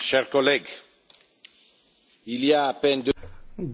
chers collègues il y a à peine deux.